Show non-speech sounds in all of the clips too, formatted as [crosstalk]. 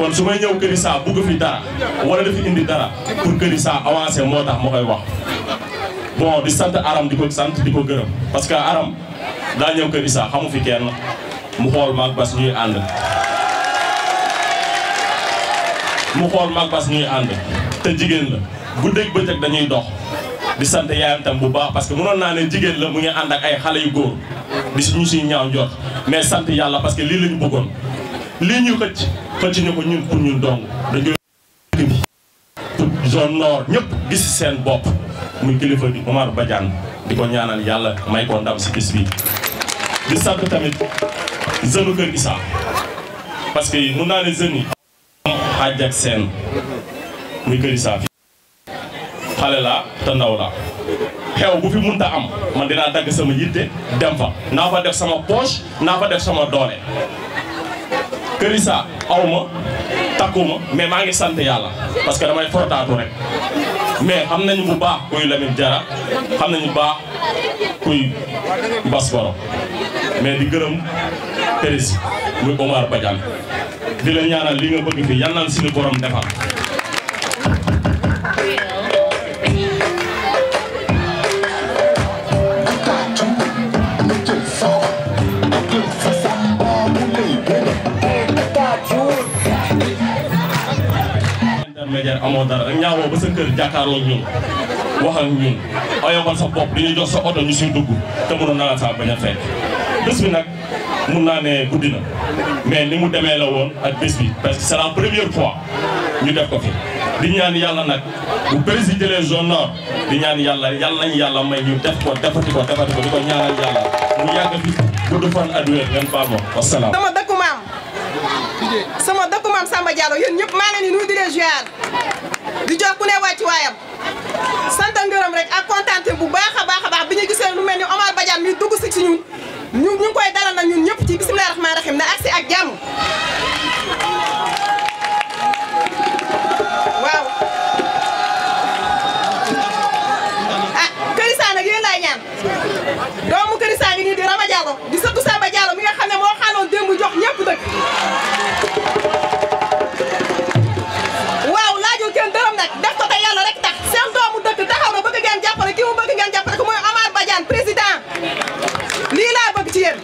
kon su may ñëw sa Issa bugg fi dara wala def indi dara pour Kër sa avancer motax mo koy wax bon di sante Aram di ko sant di ko gërëm parce que Aram daa ñëw Kër sa xamu fi kenn mu xol mak Bass ñuy and mu xol mak Bass ñuy and te jigen la degg bëccëg dañuy dox di sante yaayam tam bu baax parce que mënon na né jigen la mu ngi and ak ay xalé yu goor di ñu ci ñaaw njort mais sante yalla parce que li lañu bëggoon lii ñu xëcc xëcc ñu ko ñun pour ñun dong dañoo bi zone nord ñëpp gis seen bopp muy kilifa di Omar di ko ñaanal yàlla may ko ndam si bis bi di sant tamit jeune Kër Issa parce que mun naa ne jeunes yi am xaaj seen muy Kër Issa fi la te ndaw la xew bu fi munta am man dinaa dagg sama yitte dem fa naa fa def sama poche naa fa def sama doole Kërissa aw ma takkuma mais maa ngi sant yàlla parce que damay fortaatu rek mais xam nañu bu baax kuy Lamine Jara xam nañu baax kuy Bass mais di gërëm Kërissa muy Omar Badiane di la ñaanal lii nga bëgg fi yal na la suñu borom defal intermédiaire amoo dara rek ñaawoo ba sa kër jàkkaarloo ñun wax ñun oyobal sa pop di ñu jox sa oto ñu siy dugg te mënoon na la saa bañ a bés bi nag mun naa ne guddi na mais ni mu demee la woon ak bés bi parce que c'est la première fois ñu def ko fi di ñaan yàlla nag bu présider les zones nord di ñaan yàlla yàlla nañu yàlla may ñu def ko defati ko defati ko di ko ñaanal yàlla mu yàgg fi gudd fan adduweer ngeen baal ma wasalaam sama dëkku maam Samba Diallo yéen ñëpp maa leen di nuyu di leen di jox ku ne wàcc waayam sant ngërëm rek ak kontaante bu baax a baax a baax bi ñu gisee lu mel ni Omar Badiane mi dugg si ci ñun ñu ñu koy dalal nag ñun ñëpp ci bisimilah rahmaani rahim na agsi ak jàmm. waaw ah Kër Issa nag doomu Kër Issa ngi nii di Rama Diallo di sëtu Samba Diallo mi nga xam ne moo xaaloon démb jox ñëpp dëkk. mu bëgg ngeen jàppale ko mooy Omar Badiane président lii laa bëgg ci yéen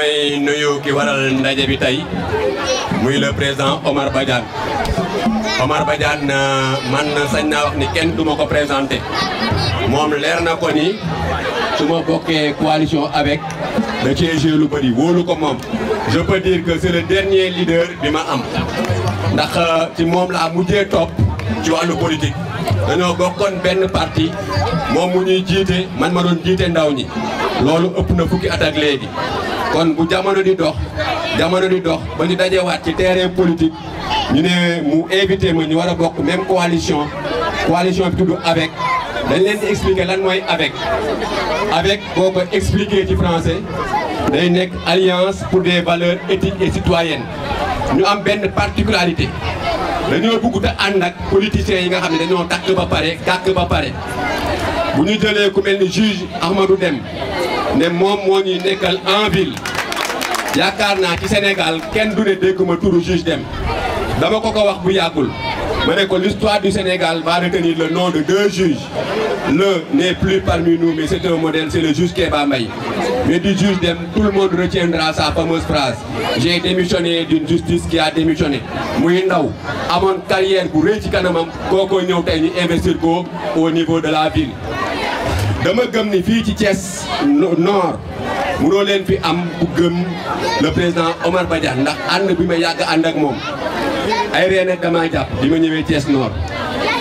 may nuyu ki waral ndaje bi tey muy le président Omar Badiane Omar Badiane euh, man sañ naa wax ni kenn du ko présenté moom leer na ko ni su ma coalition avec da cee joué lu bëri wóolu ko je peux dire que c'est le dernier leader bi ma am ndax euh, ci moom laa top. Tu ci le politique dañoo bokkoon benn parti Mon mu ñuy jiite man ma doon jiite ndaw ñi loolu ëpp na fukki kon bu jamono di dox jamono terrain politique ñu même coalition coalition avec dañ expliquer avec avec pour expliquer les français alliance pour des valeurs éthiques et citoyennes Nous avons une particularité Nous avons beaucoup de politiciens qui nga xam ne dañoo ba ba ne moom moo ñuy nekkal en ville a ci Sénégal kenn du ne dégguma turu juge Dème dama ko ko wax bu yàggul ma ne ko l'histoire du Sénégal va retenir le nom de deux juges Le n'est plus parmi nous mais c'est un modèle c'est le juge Kéba mais du juge d'Aim, tout le monde retiendra sa fameuse phrase j'ai démissionné d'une justice qui a démissionné muy ndaw amoon carrière bu rëy ci kanamam koo ko ñëw investir au niveau de la ville dama gëm ni fii ci cees Nord munoo leen fi am bu gëm le président Omar Ba ndax ànd bi ma yàgg ànd ak moom ay reen ak damaa jàpp bi ma ñëwee Thiès Nord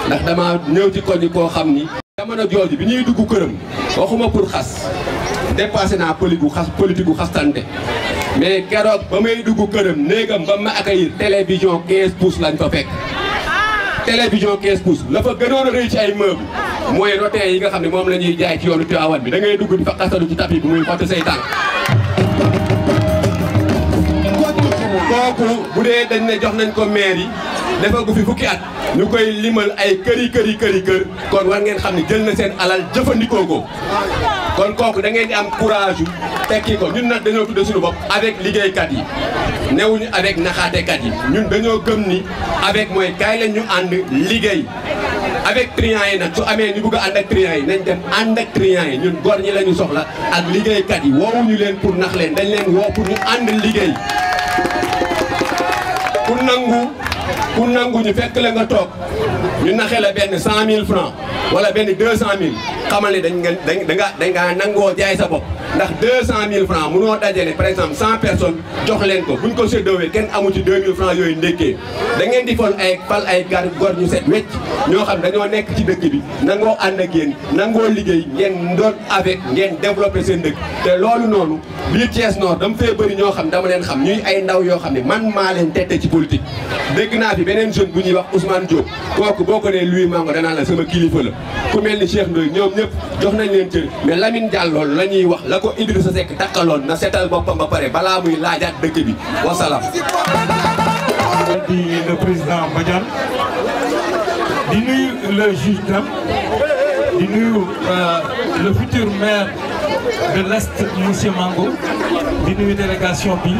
ndax dama ñëw ci koñ koo xam ni jamono jooju bi ñuy dugg këram waxuma pour xas dépassé naa politique xas politique gu xastante mais keroog ba may dugg këram néegam ba ma accueillir télévision 15 pouces lañ fa fekk télévision 15 pouces la fa gënoon a rëy ci ay meubles mooy rotin yi nga xam ne moom la ñuy jaay ci yoonu Tivaouane bi da ngay dugg di fa xasalu ci tapis bi muy xott say tànk kooku bu dee dañ ne jox nañ ko maire yi dafa gu fi fukki at ñu koy limal ay këri këri këri kër kon war ngeen xam ne jël na seen alal jëfandikoo ko kon kooku da ngeen di am courage yu tekki ko ñun nag dañoo tudde suñu bopp avec liggéeykat yi newuñu avec naxaatekat yi ñun dañoo gëm ni avec mooy kaay la ñu ànd liggéey avec triant yi nag su amee ñu bëgg a ànd ak triant yi nañ dem ànd ak triant yi ñun góor ñi la ñu soxla ak liggéeykat yi woowuñu leen pour nax leen dañ leen woo pour ñu ànd liggéey ku nangu ku nangu ñu fekk leen nga toog ñu naxee la benn cent mille francs wala benn deux cent mille xamal ne dañ nga dañ nga dañ ngaa nangoo jaay sa bopp ndax mil 200000 mu mënoo dajale par exemple 100 personnes jox leen ko buñ ko séddoowee kenn amu ci 2000 francs yooyu ndékkee da ngeen di fol ay fal ay gar gor ñu set wecc ñoo xam dañoo nekk ci dëkk bi nangoo ànd ak yéen nangoo liggéey ngeen doon avec ngeen développé seen dëkk te loolu noonu biir Thiès Nord dama fee bari ñoo xam dama leen xam ñuy ay ndaw yoo xam ne man maa leen tette ci politique dégg naa fi beneen jeune bu ñuy wax Ousmane Diop kooku boo ko nee Louis Mango danaa la sama kilifa la ku mel ni Cheikh Ndoye ñoom ñëpp jox nañ leen cër mais Lamine Diallo la ñuy wax la ko sa Seck takkaloon na seetal boppam ba pare balaa muy laajaat dëkk bi wasalaam di le président Badiane di nuyu le juge euh, tam de l'Est monsieur Mango di nuyu délégation bi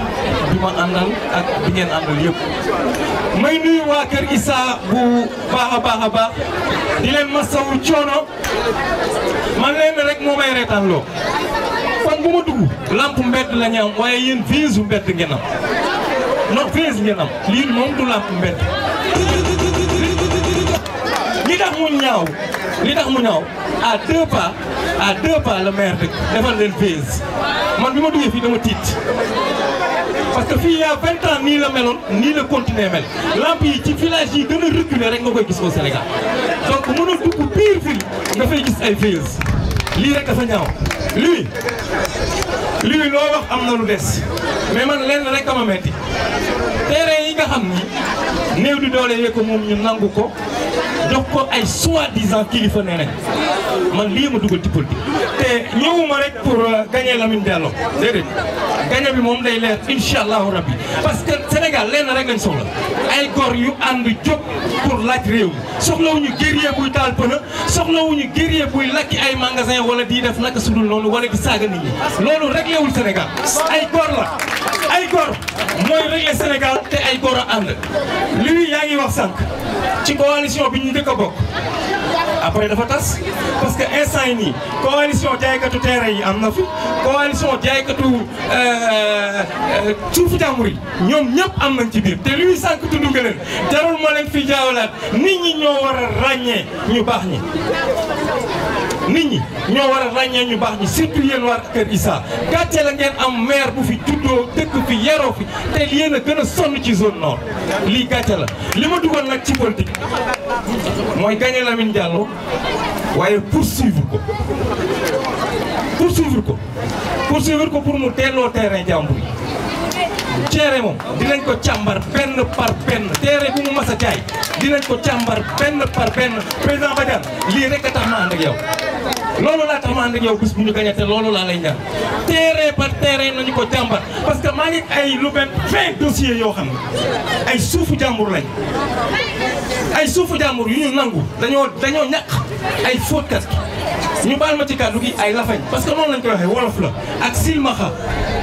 bi ma andal ak bi ngeen andal yépp. may nuyu waa kër Issa bu baax a baax a baax di leen masawu coono man leen rek moo may reetaan loo fan bu ma dugg lamp mbedd la ñu am waaye yéen visu mbedd ngeen am non vis ngeen am lii moom du lamp mbedd li tax mu ñaaw li tax mu ñaaw à deux pas à deux pas le maire rek defal leen Fils. man bi ma duggee fii dama tiit parce que fii y a vingt ans ni le melon, ni le continuer mel lamp yi ci village yi gën a reculer rek nga koy gis au Sénégal donc mën a dugg pire fil nga fay gis ay pause lii rek dafa ñaaw lui lui lo wax am na lu des mais man len rek ka ma metti terrain yi nga xam ni néew di doole yee mom ñu nangu ko jox ko ay soi-disant kilifa ne rek man lii ma dugal ci politique te ñëwuma rek pour euh, gagner Lamine Diallo déedéet gagner bi moom day leer incha allahu rabbi parce que Sénégal lenn rek lañ soxla ay góor yu ànd jóg pour laaj réew soxlawuñu guerrier buy taal pëna soxlawuñu yi buy lakki ay magasin wala di def naka sudul noonu wala di saaga nit ñi loolu réglé wul Sénégal ay góor la ay góor mooy réglé Sénégal te ay góor a ànd lii yaa ngi wax sànq ci coalition bi ñu dëkk a bokk après dafa tas parce que instant yi nii coalition jaaykatu terrain yi am na fi coalition jaaykatu euh, euh, suufu jàmbur yi ñoom ñëpp am nañ ci biir te luy sànq tudd nga leen jarul ma leen fi jaawalaat nit ñi ñoo war a ñu baax ñi. nit ñi ñoo war a ràññee ñu baax ñi surtout yéen waa Kër Issa gàcce la ngeen am maire bu fi juddoo dëkk fi yeroo fi te yéen a gën a sonn ci zone nord lii gàcce la li ma dugal nag ci politique mooy gagné Lamine Diallo waaye poursuivre ko poursuivre ko poursuivre ko pour mu delloo terrain jàmbur yi ceere moom dinañ ko càmbar benn par benn teere bu mu mas a jaay dinañ ko càmbar benn par benn président Badiane lii rek a tax ma ànd ak yow loolu laa tax ma ànd ak yow bis bu ñu gañe te loolu laa lay ñaan terrain par terrain nañu ko jàmbat parce que maa ngi ay lu benn vingt dossiers yoo xam ne ay suufu jàmbur lañ ay suufu jàmbur yu ñu nangu dañoo dañoo ñàq ay fóotkat ñu baal ma ci kàddu gi ay lafañ parce que noonu lañ koy wolof la ak silmaxa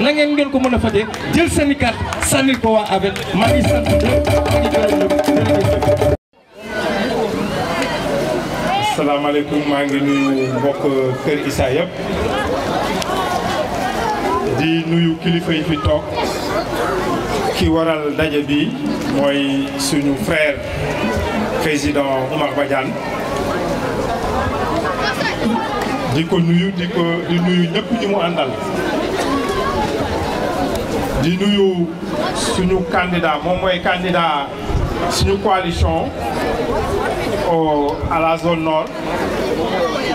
nangeen na ngeen ko mën a fajee jël seen i sànni ko waa avec maa ngi sant ñëpp nuyu di nuyu kilifa yi fi toog ki waral daje bi mooy suñu frère président Oumar Badiane di ko nuyu di ko di nuyu ñëpp ñi mu àndal di nuyu suñu candidat moom mooy candidat suñu coalition au euh, à la zone nord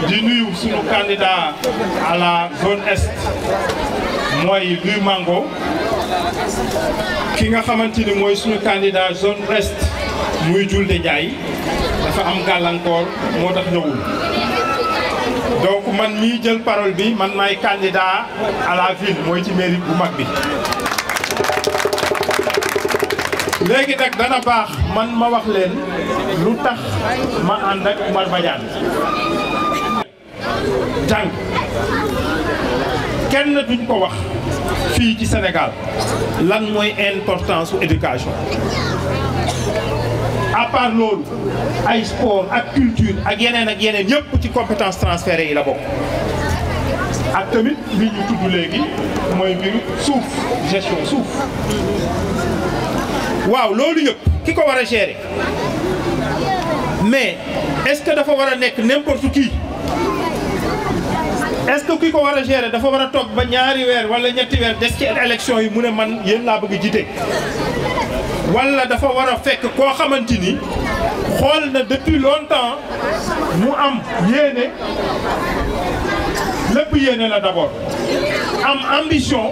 di nuyu suñu candidat à la zone est mooy Luy Mango ki nga xamante ni mooy suñu candidat zone est muy Diouldé Ndiaye dafa am gàllankoor moo tax donc man mii jël parole bi man maay candidat à la ville mooy ci mairie bu mag bi léegi nak dana bax man ma wax len lu tax ma ànd ak Oumar Badiane jàng kenn duñ ko wax fi ci Sénégal lan moy importance éducation à part loolu ay sport ak culture ak yenen ak yenen ñepp ci compétence transférées yi la bok ak tamit li ñu tudd léegi mooy mbiru gestion souf Wow, l'olio, qui va gérer mais est-ce que dafa a n'importe qui est-ce que kiko wara a gérer dafa war a ba wala des ci élection yi man la bëgg wala dafa fait a fekk koo xamante na depuis longtemps mu am yéene tu la d'abord am ambition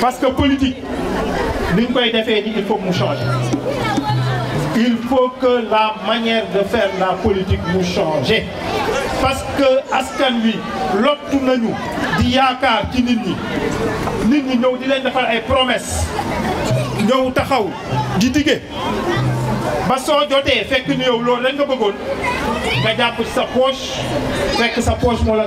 parce que politique il faut nous changions. il faut que la manière de faire la politique nous change. parce que askan wi lottu nous di des ci nit ñi nit ñi promesses. Nous defal ay promesses nous taxaw di des ba nous avons fekk des loolu nga bëggoon nga sa poche sa poche la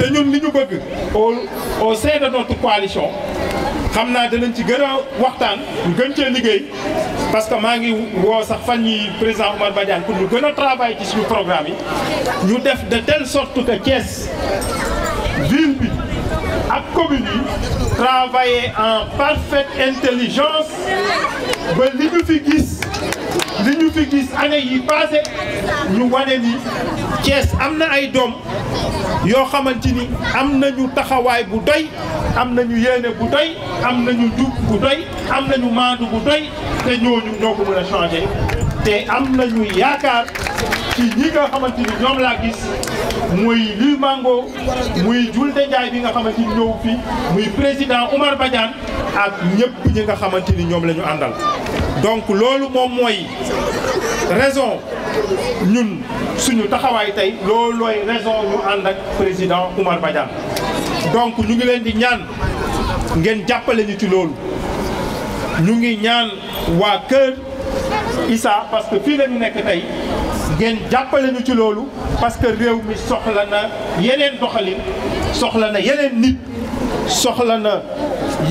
te ñun li ñu bëgg au au sein de notre coalition xam naa danañ ci gën a waxtaan ñu gën cee liggéey parce que maa ngi woo sax fan yi président Omar Badiane pour ñu gën a travailler ci suñu programme yi ñu def de telle sorte que Thiès ville bi ak commune yi travailler en parfaite intelligence ba li ñu fi gis li ñu fi gis année yi passé ñu wane ni Thiès am na ay doom yoo xamante ni am nañu taxawaay bu doy am nañu yéene bu doy am nañu jub bu doy am nañu maandu bu doy te ñooñu ñoo ko mën a changé te am nañu yaakaar ci ñi nga xamante ni ñoom laa gis muy Lul Mango muy Julde Ndiaye bi nga xamante ni ñëw fi muy président Oumar Badiane ak ñëpp ñi nga xamante ni ñoom la ñu àndal. donc loolu moom mooy raison ñun suñu taxawaay tey loolooy raison ñu ànd ak président Oumar Badiane donc ñu ngi leen di ñaan ngeen jàppale ñu ci loolu ñu ngi ñaan waa kër Issa parce que fii la ñu nekk tey. ngeen jàppale ñu ci loolu parce que réew mi soxla na yeneen doxalin soxla na yeneen nit soxla na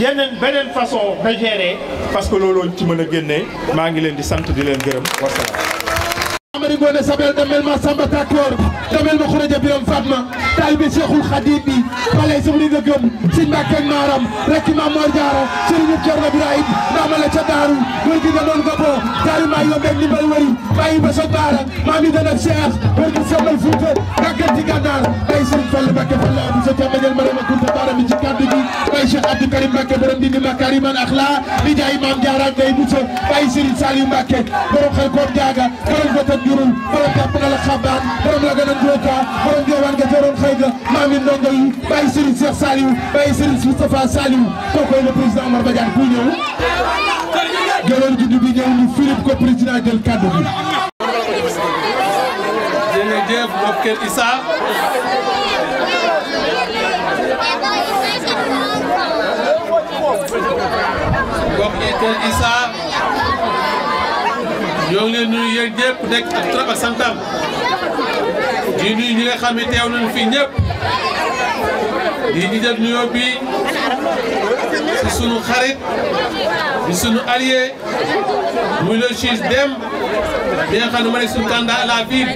yeneen beneen façon de gérer parce que looloo ci mën a génnee maa ngi leen di sant di leen gërëm wasalaam Mari Ngoone Sabel damel ma Samba Takor damel ma Khourédia Biram Fatma taalibe Cheikhul Khadim bi balay sama li nga gëm sëñ Mbàkke ak maaram rek Maam Mor Jaara sëriñu Cerno Ibrahim ndama la ca daaru wër gi nga doon nga boo taari maa yombee ndimbal wëri bàyyi ba sa baara maa mi dana Cheikh wër gi semal fuuta gàggal ci gànnaar bay Sëriñ Fall Mbàkke fa la abou sa jàmmañal marama kunta baara mi ci kàddu gi bay Cheikh Abdou Karim Mbàkke borom dindi makariman axlaa di jaay Maam Jaara day Moussa bay Sëriñ xulum fala pap nga la xabaan borom la gën a ndoka borom joobaan nga teroon xayga maami ndongo yi bàyyi Serigne Cheikh Saliou bàyyi Serigne Moustapha Saliou kookoy le ko président jël ñoo ngi leen nuyu yéen ñëpp nekk ak trop ak santam di nuyu ñi nga xam ne teew nañu fii ñëpp di ñu jël nuyoo bi ci sunu xarit di sunu allié muy le juge Dème bi nga xam ne ma nekk sunu candidat à la ville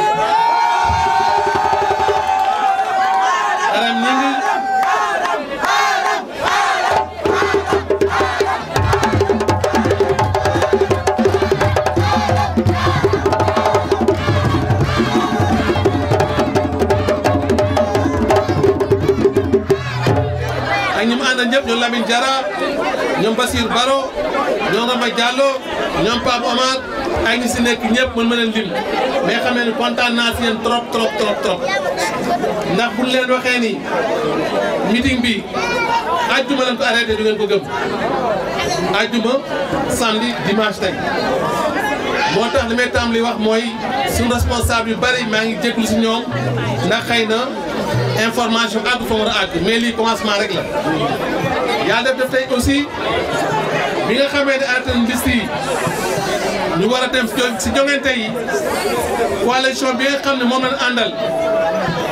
Aram Gningue ñëpp ñoom Lamine Diarra ñoom Basir Baro ñoom Rama Diallo ñoom Pape Omar ak ñi si nekk ñëpp mën ma leen lim mais xamee ne kontaan naa si yéen trop trop trop ndax bu leen waxee nii meeting bi àjjuma lañ ko arrêté du ngeen ko gëm àjjuma samedi dimanche tey moo tax li may tàmbali wax mooy suñu responsable yu bari maa ngi jégalu si ñoom ndax xëy na information àgg fa war a àgg mais lii commencement rek la yàlla def def tey aussi bi nga xamee ne arrêté nañ yi ñu war a dem si joŋante yi coalition bi nga xam ne moom lañ àndal.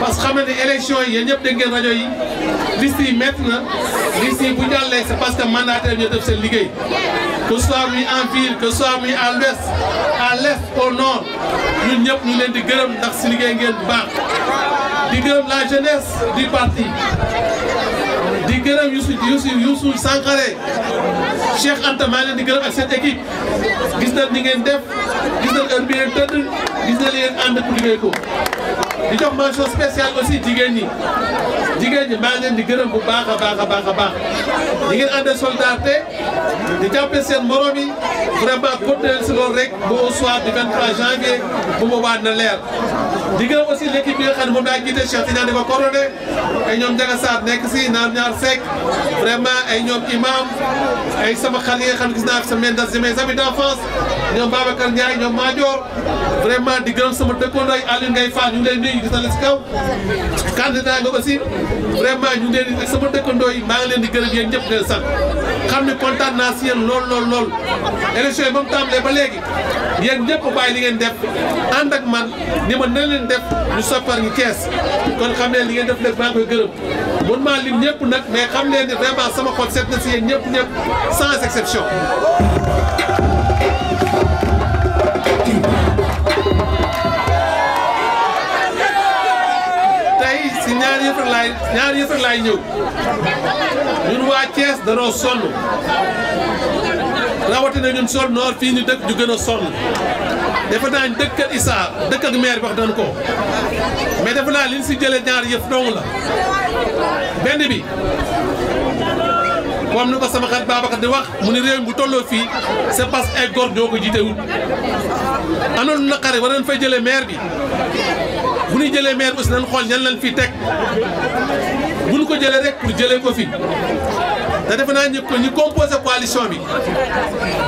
parce que xam na yi yéen ñëpp dégg ngeen rajo yi liste yi mett na liste yi bu jàllee c'est parce que mandataire ñoo def seen liggéey que soit muy en ville que soit muy à l'ouest à l'est au nord ñun ñëpp ñu leen di gërëm ndax si liggéey ngeen baax di gërëm la jeunesse du parti di gërëm Youssou Youssou Youssou Sankharé Cheikh Anta maa leen di gërëm ak seen équipe gis nañ ni ngeen def gis nañ li ngeen ànd liggéey ko di jox mention spéciale aussi jigéen ñi jigéen ñi maa ngi leen di gërëm bu baax a baax a baax a baax i ngeen ànd solidarité di jàppe seen morom yi vraiment continuer si loolu rek ba au soir du 23 janvier bu boobaa na leer. di gërëm aussi l'équipe bi nga xam ne moom laa jiite Cheikh Tidiane dafa coroné ay ñoom Ndiaga nekk si naan ñaar Seck vraiment ay ñoom imam ay sama xale yi nga xam gis naa fi sa Mendas di mes amis d'enfance ñoom Babacar Ndiaye ñoom Madior vraiment di gërëm sama dëkkandoo Aliou Ngay leen di leen si kaw candidat nga aussi vraiment ñu leen di sama dëkkandoo yi maa ngi leen di gërëm yéen ñëpp leen sant xam ne kontaan naa si yéen lool lool lool élection yi ba ba léegi yéen ñëpp bàyyi li ngeen def ànd ak man ni ma na leen def ñu soppar ñu kees kon xam ne li ngeen def nag maa ngi koy gërëm mun maa ñëpp nag mais xam leen ni vraiment sama xol na si yéen ñëpp ñëpp sans exception ñaari yëf rek laay ñaari laay ñëw ñun waa Thiès danoo sonn rawatina ñun sol noor fii ñu dëkk ñu gën a sonn defe naa dëkk ak Issa dëkk ak maire bi wax nañ ko mais defe naa li si jële ñaari yëf dong la benn bi. comme ni ko sama xarit Babacar di wax mu ne réew mi bu tolloo fii c'est parce que ay gor ñoo ko jiite wut anoon na war nañ fay jëlee maire bi. bu ñu jëlee maire aussi nañ xool ñan lañu fi teg bu ñu ko jëlee rek pour jëlee ko fi te defe naa ñu ñu composé coalition bi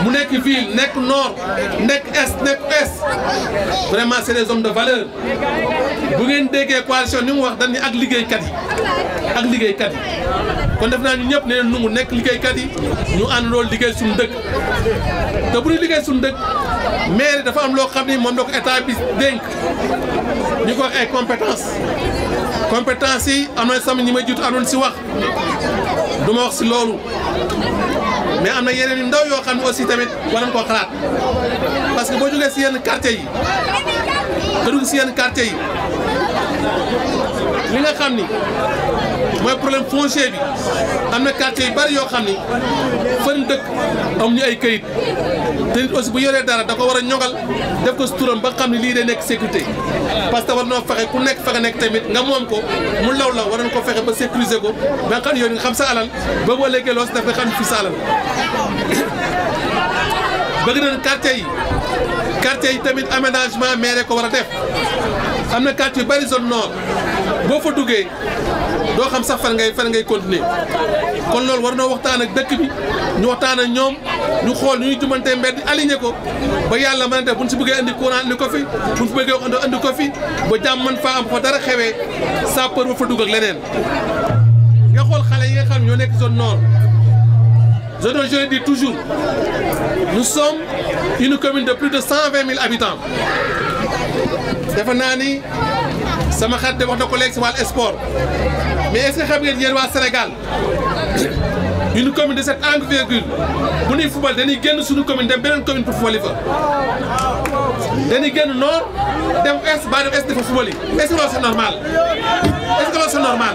mu nekk ville nekk nord nekk est nekk ouest vraiment c'est des hommes de valeur bu ngeen déggee coalition ni mu wax dan ni ak liggéeykat yi ak liggéeykat yi kon def naa ñu ñëpp ne leen nungu nekk liggéeykat yi ñu ànd loolu liggéey suñu dëkk te bu ñu liggéey suñu dëkk mairie dafa am loo xam ni moom la ko état bi dénk ni ko ay compétence compétence yi am na sama ñi may jiitu àndoon si wax du wax si loolu mais am na yeneen yu ndaw yoo xam ne aussi tamit war nañ koo xalaat parce que boo jógee si yenn quartier yi nga dugg si yenn quartier yi li nga xam ni mooy problème foncier bi am na quartier yu bari yoo xam ni fan dëkk am ñu ay këyit te nit aussi bu yoree dara da ko war a ñogal def ko suturam ba xam ni lii day nekk sécurité parce que war noo fexe ku nekk fa nga nekk tamit nga moom ko mu law la waroon ko fexe ba sécuriser ko ba nga xam ne yow nga xam sa alal ba boo léegee loo si def nga xam ni fi sa alal [coughs] bëgg nañ quartier yi tamit aménagement maire ko war a def am na quartier yu bari zone nord bofa fa duggee doo xam sax fan ngay fan ngay continuer kon loolu war na waxtaan ak dëkk bi ñu waxtaan ak ñoom ñu xool ñu ñu jumantee mbedd aligné ko ba yàlla mën a def bu ñu si bëggee indi courant indi ko fi bu ñu si bëggee indi man faa am fa dara xewee sapeur fa dugg ak leneen nga xool xale nga xam ñoo nekk zone nord je le dis toujours nous sommes une commune de plus de cent vingt habitants defe Nani, sama xarit de wax na ko léegi si wàllu sport mais est-ce que xam ngeen yéen waa Sénégal une commune de cette envergure bu ñuy fubal dañuy génn suñu commune dem beneen commune pour fubali fa. dañuy génn nord dem est ba dem est dafa fubali est-ce que loolu c'est normal est-ce que loolu c'est normal.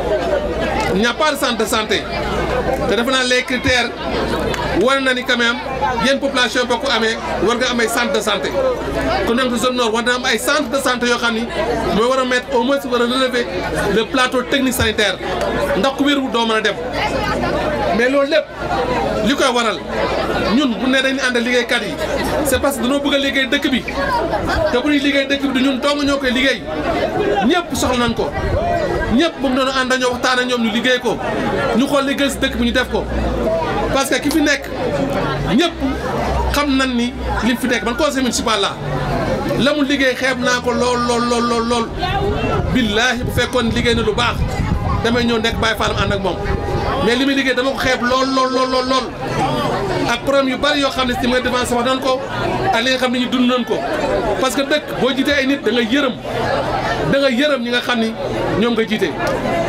il n'y a de sante de te defe naa les critères war na ni quand même yéen population bokk amee war nga am ay centre de santé kon nag zone nord war na am ay sant de santé yoo xam ni mooy war a mettre au moins war a relever le plateau technique sanitaire ndax ku wérwu doo mën a dem mais loolu lépp li koy waral ñun bu ne dañuy ànd liggéeykat yi c'est parce que dañoo bëgg a liggéey dëkk bi te bu ñuy liggéey dëkk bi du ñun dong ñoo koy liggéey ñëpp soxla nañ ko ñëpp bëgg nañu ànd dañoo waxtaan ak ñoom ñu liggéey ko ñu xool li gën si dëkk bi ñu def ko parce que ki fi nekk ñëpp xam nañ ni li fi nekk man conseil municipal la la mu liggéey xeeb naa ko lool lool lool lool lool billaahi bu fekkoon liggéey na lu baax damay ñoo nekk bàyyi faalam ànd ak moom mais li muy liggéey dama ko xeeb lool lool lool lool ak problème yu bari yoo xam ne si nga défense wax nan ko ak xam ne ñu dund nañ ko parce que dëkk boo jiitee ay nit da nga da nga yërëm ñi nga xam ni ñoom nga jiite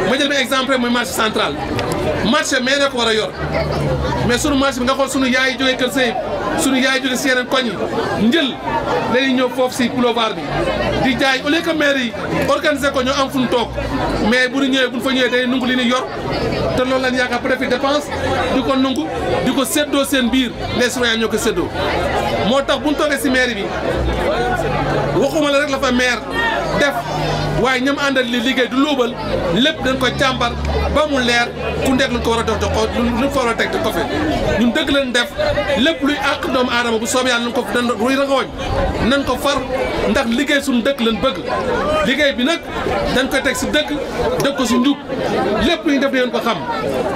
ma jël bi exemple mooy marché central marché mais ne ko war a yor mais sunu marché bi nga xool sunu yaay yi jógee kër suñu yaay ju ne si yeneen koñ yi njël lañuy ñëw foofu si boulevard bi di jaay au lieu que yi organiser ko ñoo am fu ñu toog mais bu ñu ñëwee bu ñu fa ñëwee day nungu li ñu yor te loolu lañ yaakaar préfet dépense di ko nungu di ko séddoo seen biir les citoyens ñoo ko séddoo moo tax bu ñu toogee si maire bi waxuma la rek la fa maire def waye ñam andal li liggéey du lobal lepp dañ ko ciambar ba mu leer ku ndek lu ko wara dox dox ko lu fa wara tek ko fi ñun dëgg lañ def lepp luy ak doom adam bu soom yalla ñu ko dañ ruy rangooñ nañ ko far ndax liggéey suñu dëkk lañ bëgg liggéey bi nak dañ ko tek ci dëkk dëkk ko ci ndub lepp luy def yeen ko xam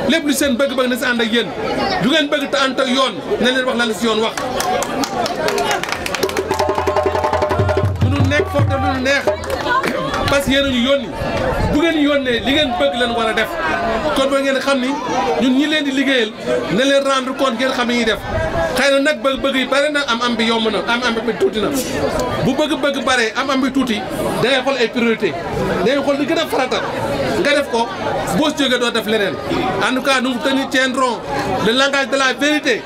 lepp lu seen bëgg-bëgg na ci and ak yeen du ngeen bëgg ta ant ak yoon na leen wax la ci yoon wax nek nekk foofu neex parce que yéen a ñu yónni bu ngeen yónnee li ngeen bëgg leen war a def kon ba ngeen xam ni ñun ñi leen di liggéeyal ne leen rendre compte ngeen xam ni ñuy def xëy na nag bëgg-bëgg yi bare na am am bi yomb na am am bi tuuti na bu bëgg-bëgg bare am am bi tuuti dangay xool ay priorité dangay xool li gën a farata nga def ko boo si jógee doo def leneen en tout cas nous vous tiendrons le langage de la vérité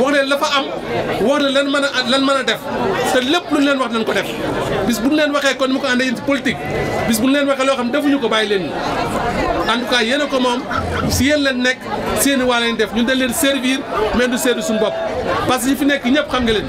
wax leen la fa am wax leen lan mën a lan mën a def te lépp lu ñu leen wax nañ ko def bis bu ñu leen waxee kon mu ko ànd yéen si politique bis bu ñu leen waxee loo xam defuñu ko bàyyi leen en tout cas yéen a ko moom si yéen leen nekk seeni i waa leen def ñu dañ leen servir mais du servir suñu bopp parce que ñi fi nekk ñëpp xam nga leen.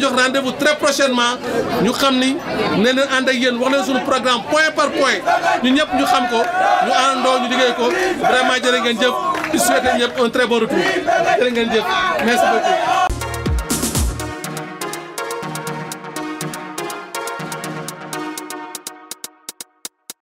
nous rendez-vous très prochainement Nous sommes nous nous programme point par point Nous ñu xam ko ñu nous vraiment un très bon retour merci beaucoup.